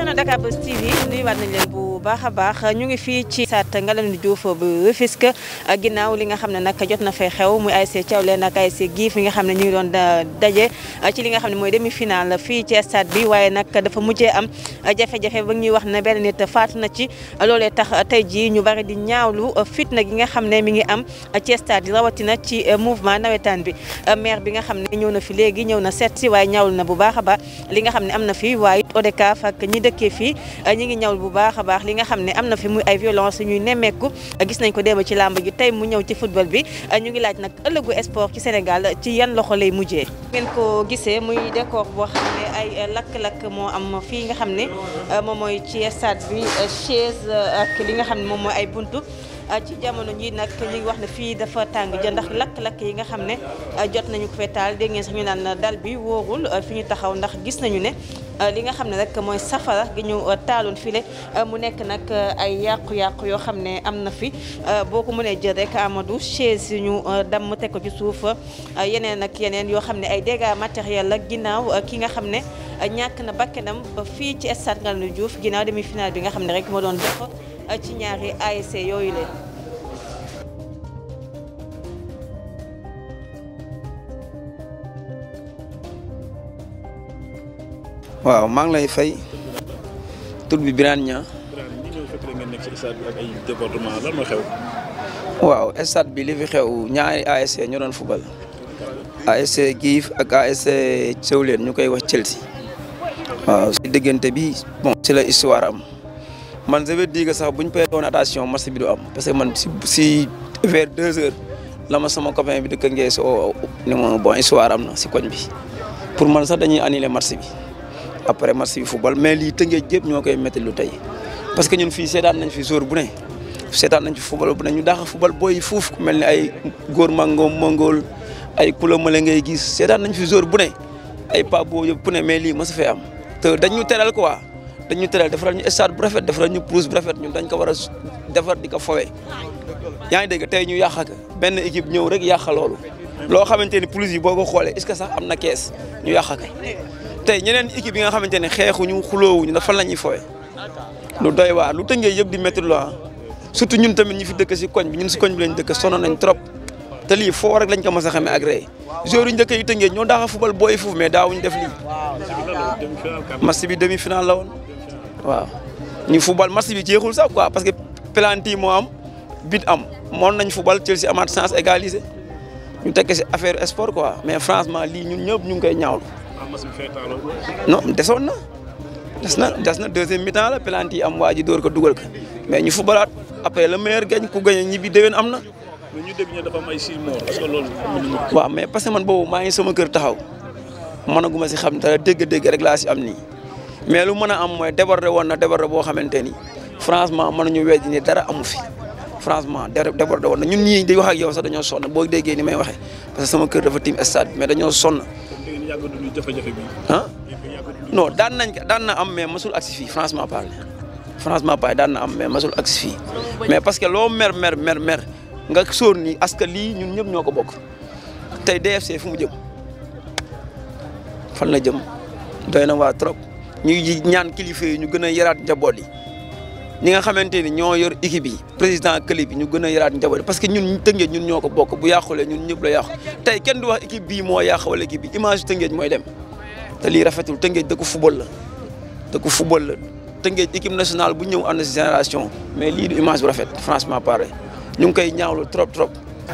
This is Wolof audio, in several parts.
internet Dakar Buzz TV nuyuwaat nañ leen bu baax a baax ñu ngi fii ci saat Ngalandou Diouf bu Rufisque ginnaaw li nga xam ne nag jot na fay xew muy ASC Thiawlène ak ASC Giif yi nga xam ne ñu ngi doon euh, daje euh, ci li nga xam ne mooy demi final fii ci stade bi waaye nag dafa mujjee am euh, jafe-jafe ba ñuy wax ne benn nit faatu na ci loolee tax tey jii ñu bari di ñaawlu fitna gi nga xam ne mi ngi am ci stade yi rawatina ci mouvement nawetaan bi maire bi nga xam ne ñëw na fi léegi ñëw na seet si waaye ñaawlu na bu baax a baax li li nga xam ne am na fi mu ay violence ñuy nemmeeku gis nañ ko démb ci làmb ji tey mu ñëw ci football bi ñu ngi laaj nag ëllëgu sport ci Sénégal ci yan loxo lay mujjee. ngeen ko gisee muy décor boo ay lakk-lakk moo am fii nga xam ne moom mooy ci stade bi chaise ak li nga xam ne moom mooy ay buntu. ci jamono ji nag ñu ngi wax ne fii dafa tàng jë ndax lakk-lakk yi nga xam ne jot nañu ko fetal dégg ngeen sax ñu naan dal bi wóorul fi ñu taxaw ndax gis nañu ne Euh, li nga xam ne rek mooy safara gi ñu euh, taaloon file euh, mu nekk nag ay yàqu-yàqu yoo xam ne am na fi boo ko mënee jël rek Amadou chaise ñu damm teg ko ci suuf yeneen ak yeneen yoo xam ne ay dégâts matériels la ginnaaw ki nga xam ne ñàkk na bakkanam fii ci stade Ngalandou Diouf ginnaaw demi-finale bi nga xam ne rek moo doon dox ci ñaari ASC yooyu leen waaw maa ngi lay fay tur bi Birane Niang. Birane ñi ñëw fekk waaw stade bi li fi xew ñaari ASC ñoo doon football ASC Giif ak ASC Sewlen ñu koy wax Chelsea waaw si diggante bi bon si la histoire am man je veux dire sax bu ñu payee woon attention match bi du am parce que man si si vers deux heures la ma sama copain bi dëkk ngee soo oh, oh, ni ma bon histoire am na si koñ bi pour man sax dañuy annuler match bi. après match yi football mais lii tëngee jëpp ñoo koy métti lu tey parce que ñun fii seddaan nañ fi jour bu ne seetaan nañ fi football bu ne ñu daax a booy fuuf mel ni ay góor mangoom mangool ay kula male ngay gis seetaan nañ fi jour bu ne ay pa boo yëpp ku ne mais lii ma sa fee am te dañ ñu teral quoi dañu ñu teral defaral ñu stade bu rafet defaral ñu pelouse bu rafet ñun dañ ko war a defar di ko fowee yaa ngi dégg tey ñu yàq ak benn équipe ñëw rek yàq loolu loo xamante ni pelouse yi boo ko xoolee est-ce que sax am na kees ñu yàq ak tey ñeneen équipe yi nga xamante ne xeexuñu xuloowuñu dafa la ñuy fooye lu doy waar lu tëngee yëpp di métti lu surtout ñun tamit ñu fi dëkk si koñ bi ñun si koñ bi lañ dëkk sono nañ trop te lii foo rek lañ ko mës a xamee ak rey joueurs yu njëkk yu tëngee ñoo daax a fubal booy fuuf mais daawuñ def lii match bi demi final la woon waaw ñu fubal match bi jeexul sax quoi parce que penalty moo am bit am moon nañ fubal Chelsea amaat sance égaliser ñu tekk si affaire sport quoi mais franchement lii ñun ñëpp ñu ngi koy ñaawlu no desoon na des na des na deuxième mi-temps la penalty yi am waa ji dóor ko dugal ko mais ñu fubalaat après le meilleur gagne ku gagne ñibbi déwén am na. mais ñu dégg ne dafa am ay parce que waaw mais parce man boobu maa ngi sama kër taxaw mënaguma si xam dara dégg-dégg rek laa si am nii mais lu man a am mooy débordé woon na débordé boo xamante ni franchement mënuñu weddi ni dara amu fi. franchement débordé woon na ñun ñii di wax ak yow sax dañoo sonn boo déggee ni may waxee parce que sama kër dafa tiim stade mais dañoo sonn. yàgg dund bi. ah daan nañ daan na am mais masul agsi fii franchement parlé franchement parlé daan na am mais masul agsi fii mais parce que loo mer mer mer mer nga sóor ni aska lii ñun ñëpp ñoo ko bokk tey DFC fu mu jëm fan la jëm doy na waa trop ñu ñuy ñaan kilifa yi ñu gën a yaraat njaboot yi. ñi nga xamante ni ñoo yor équipe yi président club yi ñu gën a yaraat njaboot parce que ñun Tëngéej ñun ñoo ko bokk bu yàqulee ñun ñëpp la yàqu tey kenn du wax équipe bii moo yàq wala équipe bi image Tëngéej mooy dem te lii rafetul Tëngéej dëkku football la dëkku football la Tëngéej équipe nationale bu ñëw ànd si génération mais lii du image bu rafet franchement pare ñu ngi koy ñaawlu trop trop.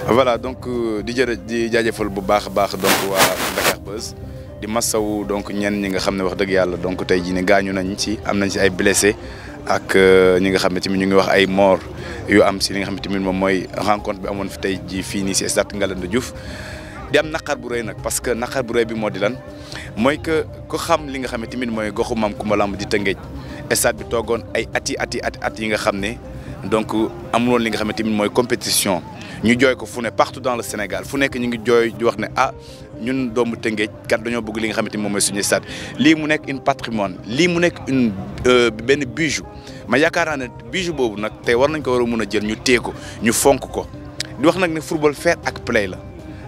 voilà donc euh, di jërë di jaajëfal bu baax a baax donc waa Dakar Buzz di masawu donc ñenn ñi nga xam ne wax dëgg yàlla donc tey jii ne gaañu nañ ci am nañ ci ay blessé ak euh, ñi nga xam ne tamit ñu ngi wax ay mort yu am si li nga xam ne tamit moom mooy rencontre bi amoon fi tey jii fii nii si stade Ngalandou Diouf di am naqar bu rey nag parce que naqar bu rey bi moo di lan mooy que ko xam li nga xam ne tamit mooy goxu maam Kumba am di Tëngéej stade bi toogoon ay at yi at yi at at yi nga xam ne donc amuloon li nga xam ne mooy compétition ñu jooy ko fu ne partout dans le Sénégal fu nekk ñu ngi jooy di wax ne ah ñun doomu Tëngéej kat dañoo bëgg li nga xamante ni moom mooy suñu stade lii mu nekk une patrimoine lii mu nekk une euh, benn bijou ma yaakaar naa ne bijou boobu nag tey war nañ ko war a mun a jël ñu téye ko ñu fonk ko di wax nag ne football fair ak play la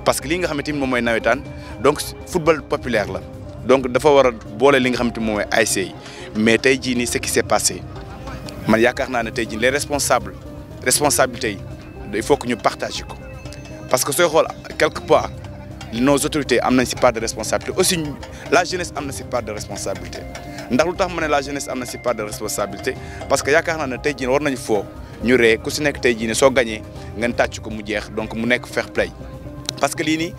parce que li nga xamante ni moom mooy nawetaan donc football populaire la donc dafa war a boole li nga xamante ni moom mooy ASC yi mais tey jii nii ce qui s'est passé man yaakaar naa ne tey jii le responsable responsabilités yi il faut ñu partager ko parce que sooy xool quelque part nos autorités am nañ si part de responsabilité la jeunesse am na si part de responsabilité ndax lu tax ma ne la jeunesse am na si part de responsabilité parce que yaakaar naa ne tey jii war nañ foo ñu ree ku si nekk tey jii ne soo gañee ngeen tàcc ko mu jeex donc mu nekk feex play parce que lii nii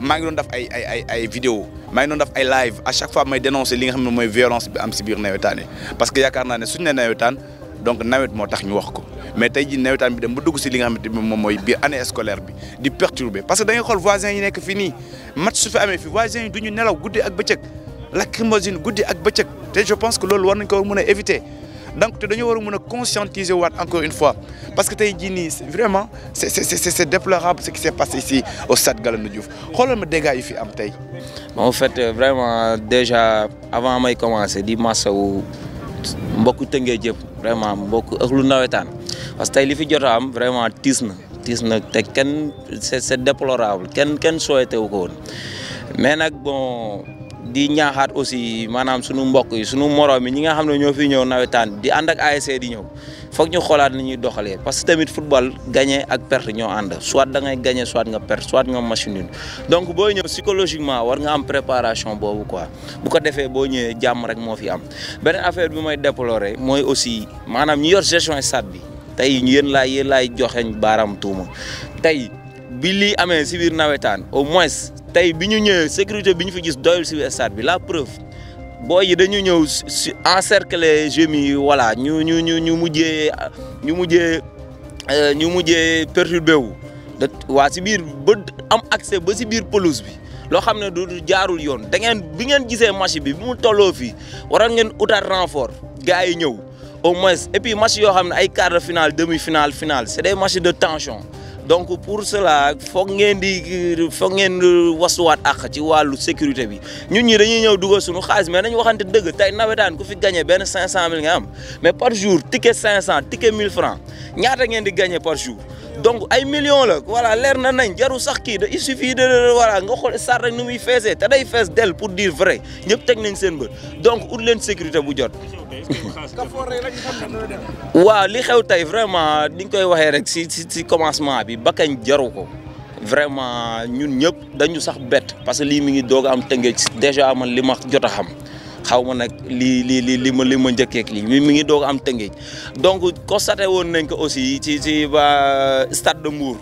maa ngi doon def ay ay ay ay vidéo maa ngi doon def ay live à chaque fois may dénoncer li nga xam ne mooy violence bi am si biir nawetaan yi parce que naa ne suñ ne donc nawet moo tax ñu wax ko mais tey ji nawetaan bi dem ba dugg si li nga xamante ni moom mooy biir année scolaire bi di perturber parce que da ngay xool voisins yi nekk fii nii match su fi amee fii voisins yi du nelaw guddi ak bëccëg lacrymogène guddi ak bëccëg te je pense que loolu war nañ ko mën a éviter donc te dañoo a mën a conscientiser waat encore une fois parce que tey jii nii vraiment c' est c' est c' est déplorable ce qui s' est passé ici au stade Galandou Diouf xoolal ma dégâts fi am tey. bon en fait euh, vraiment déjà avant may commencer di masawu. mbokku tëngee jëpp vraiment mbokku ak lu nawetaan parce que tey li fi jot am vraiment tiis na tiis na te kenn c'est c'est déplorable kenn kenn souhaité wu ko woon di ñaaxaat aussi maanaam sunu mbokk yi sunu moroom yi ñi nga xam ne ñoo fi ñëw nawetaan di ànd ak ASC di ñëw foog ñu xoolaat ni ñuy doxalee parce que tamit football gagné ak pert ñoo ànd soit da ngay gagné soit nga perte soit nga machine donc boo ñëw psychologiquement war nga am préparation boobu quoi bu ko defee boo ñëwee jàmm rek moo fi am beneen affaire bi may déplorer mooy aussi maanaam ñu yor gestion stade bi tey yéen laay yéen laay joxeñ baaraam tuuma bi lii amee si biir nawetaan au moins tey bi ñu ñëwee sécurité bi ñu fi gis doyul si biir bi la preuve booy yi dañu ñëw su encercler gémi yi voilà ñu ñu ñu ñu mujjee ñu mujjee euh, ñu mujjee perturbé wu da waa si biir ba am accès ba si biir pelouse bi loo xam ne du jaarul yoon da ngeen bi ngeen gisee match bi bi mu tolloo fii waroon ngeen utaat renfort ga yi ñëw au moins et puis yo yoo xam ay quart final finale demi final finale c'est des matchs de tension donc pour cela foog ngeen di foog ngeen wasuwaat ak ci wàllu sécurité bi ñun ñi dañuy ñëw dugal suñu xaalis mais nañu waxante dëgg tey nawetaan ku fi gagné benn 500000 nga am mais par jour ticket cent ticket 1000 francs ñaata ngeen di gagné par jour. donc ay millions la voilà leer na nañ jaru sax kii da il suffit de voilà nga xool sar rek nu muy feesee te day fees del pour dire vrai ñëpp teg nañ seen bët donc ut leen sécurité bu jot. waaw li xew tey vraiment ni ñu koy waxee rek si si si commencement bi bakkañ jaru ko. vraiment ñun ñëpp dañu sax bett parce que lii mi ngi doog a am tëngeej déjà man li ma jot a xam. xaw ma nag lii lii lii li ma li ma njëkkeek lii mi mi ngi doog am tëngeej donc constaté woon nañ ko aussi ci ci ba stade de Mbour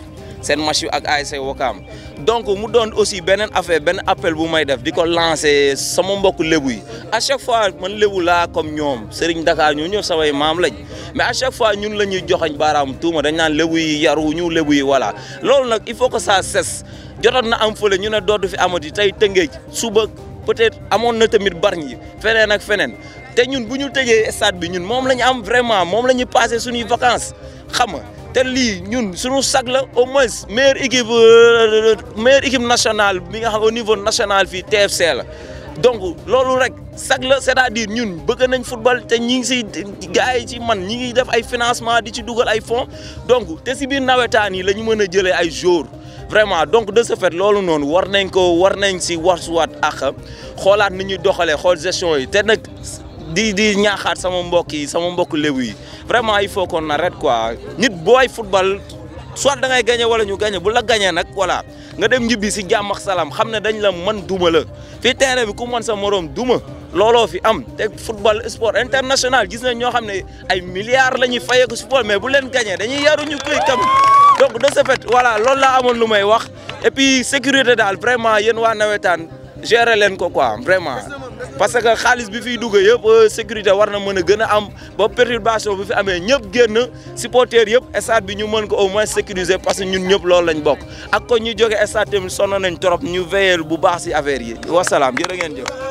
seen match yu ak ASC Wakaam donc mu doon aussi beneen affaire benn appel bu may def di ko lancé sama mbokk lébu yi à chaque fois man lébu laa comme ñoom Serigne Dakar ñoo ñëpp samay maam lañ mais a chaque fois ñun la ñuy joxañ baaraam tuuma dañ naan lébu yi yaru ñu lébu yi voilà loolu nag il faut que ça cesse jotoon na am fële ñu ne dootu fi amati tey tëngeej suba. peut-être amoon na tamit Bargny feneen ak feneen te ñun bu ñu tëjee stade bi ñun moom la ñu am vraiment moom la ñuy passé suñuy vacances xam nga te lii ñun suñu sag la au moins meilleure équipe euh, meilleure équipe nationale bi nga xam au niveau national fii TFC la. donc loolu rek sag la c'est-à-dire ñun bëgg nañ football te ñi ngi si gars ci man ñi ngi def ay financement di ci dugal ay fonds donc te si biir nawetaan yi la ñu mën a jëlee ay jours vraiment donc de ce fait loolu noonu war nañ ko war nañ si war suwaat ak xoolaat ni ñuy doxalee xool gestion yi te nag di di ñaaxaat sama mbokk yi sama mbokk lébu yi vraiment i faut qu'on arrête quoi nit booy football. soit da ngay gagné wala ñu gagné bu la gagné nag voilà nga dem njibbi si jàmm ak salaam xam ne dañ la mën duma la fii terrain bi ku mën sa morom duma looloo fi am te football sport international gis nañ ñoo xam ne ay milliards la ñuy fayeeku si football mais bu leen gagné dañuy yaruñu kuy kam donc de ce fait voilà loolu laa amoon lu may wax et sécurité daal vraiment yéen waa nawetaan gérer leen ko quoi vraiment. parce que xaalis bi fiy dugg yëpp euh, sécurité war na mën a gën a am ba perturbation bi fi amee ñëpp génn supporter yëpp stade bi ñu mën ko au moins sécuriser parce que ñun ñëpp loolu lañ bokk ak ko ñu jóge stade tamit sonn nañ trop ñu veillé bu baax si affaire yi wasalaam jërë ngeen jëf